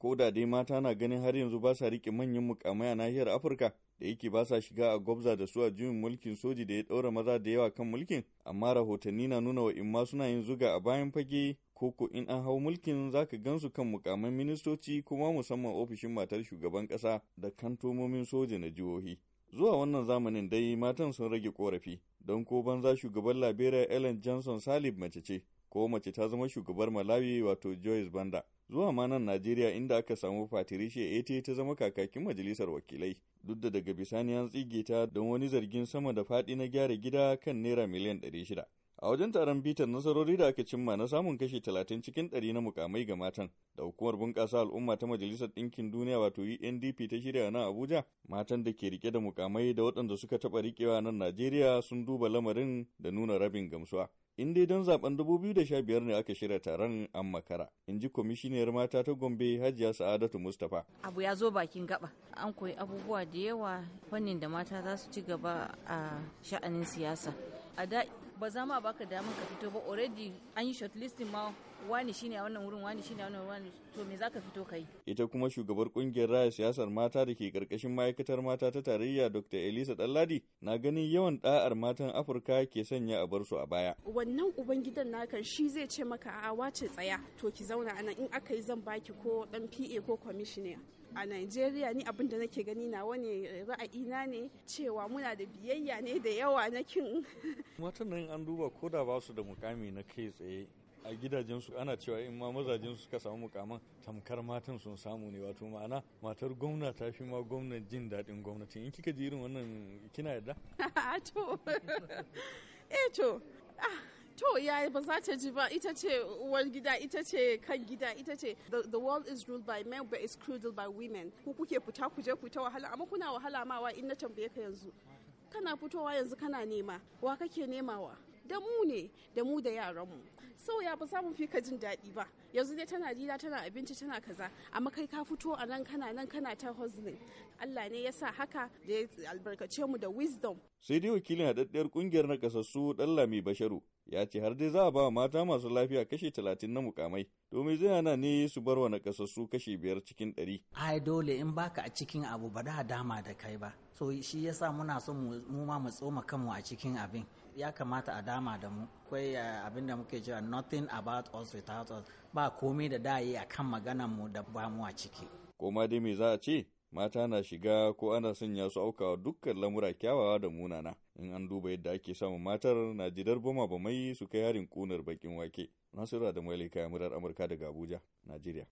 ko da dai mata na ganin har yanzu ba sa rike manyan mukamai a nahiyar Afirka da yake ba sa shiga a gwabza da su a juyin mulkin soji da ya ɗaura maza da yawa kan mulkin, amma rahotanni na nuna wa in ma suna yin zuga a bayan fage ko in an hau mulkin za ka gansu kan mukaman ministoci kuma musamman ofishin matar shugaban ƙasa da kantomomin soja na jihohi. zuwa wannan zamanin dai matan sun rage korafi don ko banza shugaban labera ellen johnson salib mace ce ko mace ta zama shugabar malawi wato joyce banda zuwa ma nan Najeriya inda aka samu Fatirishe Ete ta zama kakakin majalisar wakilai. Duk da daga bisani an tsige ta don wani zargin sama da faɗi na gyara gida kan naira miliyan shida. A wajen taron bitar nasarori da aka cimma na samun kashi talatin cikin ɗari na mukamai ga matan da hukumar bunƙasa al'umma ta Majalisar Ɗinkin Duniya wato UNDP ta shirya nan Abuja, matan da ke rike da mukamai da waɗanda suka taɓa riƙewa nan Najeriya sun duba lamarin da nuna rabin gamsuwa. in dai don zaben 2015 ne aka shirya taron an makara in ji kwamishiniyar mata ta gombe hajiya sa'adatu mustapha abu ya zo bakin gaba an koyi abubuwa da yawa fannin da mata za su ci gaba a sha'anin siyasa a da ba za ma baka damar ka fito ba already an yi shortlisting ma wani shine a wannan wurin wani shine a wannan wani to me zaka fito kai ita kuma shugabar kungiyar raya siyasar mata da ke karkashin ma'aikatar mata ta tarayya Dr. Elisa Dalladi na ganin yawan da'ar matan Afirka ke sanya a bar su a baya wannan ubangidan naka shi zai ce maka a wace tsaya to ki zauna anan in aka yi zan baki ko dan PA ko commissioner a Najeriya ni abin da nake gani na wani ra'ayina ne cewa muna da biyayya ne da yawa na kin. Matan nan an duba ko da ba su da mukami na kai tsaye a gidajensu ana cewa in ma mazajen suka samu mukaman tamkar matan sun samu ne wato ma'ana matar gwamna ta fi ma gwamnan jin daɗin gwamnati in kika ji irin wannan kina yarda to eh to ah, to yaya ba za ta ji ba ita ce uwar gida ita ce kan gida ita ce the world is ruled by men but is cradled by women ku kuke fita ku je ku ta wahala amma kuna wahala mawa in na tambaye ka yanzu kana fitowa yanzu kana nema wa kake nemawa da mu ne da mu da yaranmu sauya ba za mu fi ka jin daɗi ba yanzu dai tana dila tana abinci tana kaza amma kai ka fito a nan kana nan kana ta hosling Allah ne ya sa haka da ya albarkace mu da wisdom sai dai wakilin haɗaɗɗiyar ƙungiyar na kasassu mai Basharu ya ce har dai za a ba mata masu lafiya kashe talatin na mukamai to me zai hana ne su bar wa na kasassu kashe biyar cikin ɗari. ai dole in baka a cikin abu ba da dama da kai ba so shi yasa muna so mu ma mu tsoma kanmu a cikin abin ya kamata a dama alama da mu kwai eh, abin da muke jira nothing about us without us ba komai da dayi a kan maganar mu da ba mu a ciki koma dai me za a ce mata na shiga ko ana sanya su aukawa dukkan lamura kyawawa da munana in an duba yadda ake samun matar na jidar ba mai su kai harin kunar bakin wake nasira da malika murar amurka daga abuja najeriya